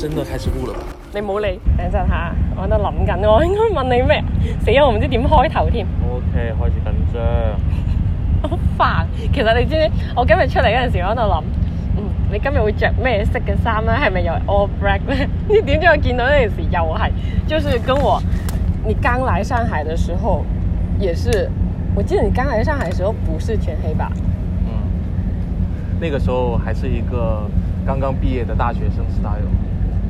真的開始錄啦！你冇理，等陣吓，我喺度諗緊，我應該問你咩？死啊！我唔知點開頭添。Okay，開始緊張， 好煩。其實你知唔知？我今日出嚟嗰陣時，我喺度諗，嗯，你今日會着咩色嘅衫呢？係咪有 all black 呢？點都我見到有似上海，就是跟我你剛來上海的時候，也是，我記得你剛來上海的時候不是全黑吧？嗯，那個時候還是一個剛剛畢業的大學生 style。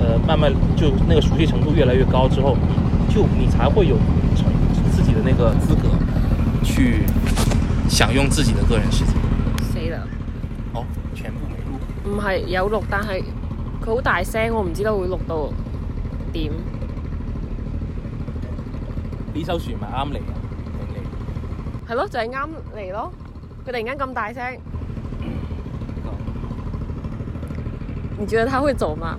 呃，慢慢就那個熟悉程度越來越高之後，就你才會有自己的那個資格去享用自己的個人時間。誰的哦，全部沒錄。唔係有錄，但係佢好大聲，我唔知道會錄到點。呢艘船咪啱嚟嘅，係、就是、咯，就係啱嚟咯。佢突然間咁大聲，嗯、你覺得他會走嗎？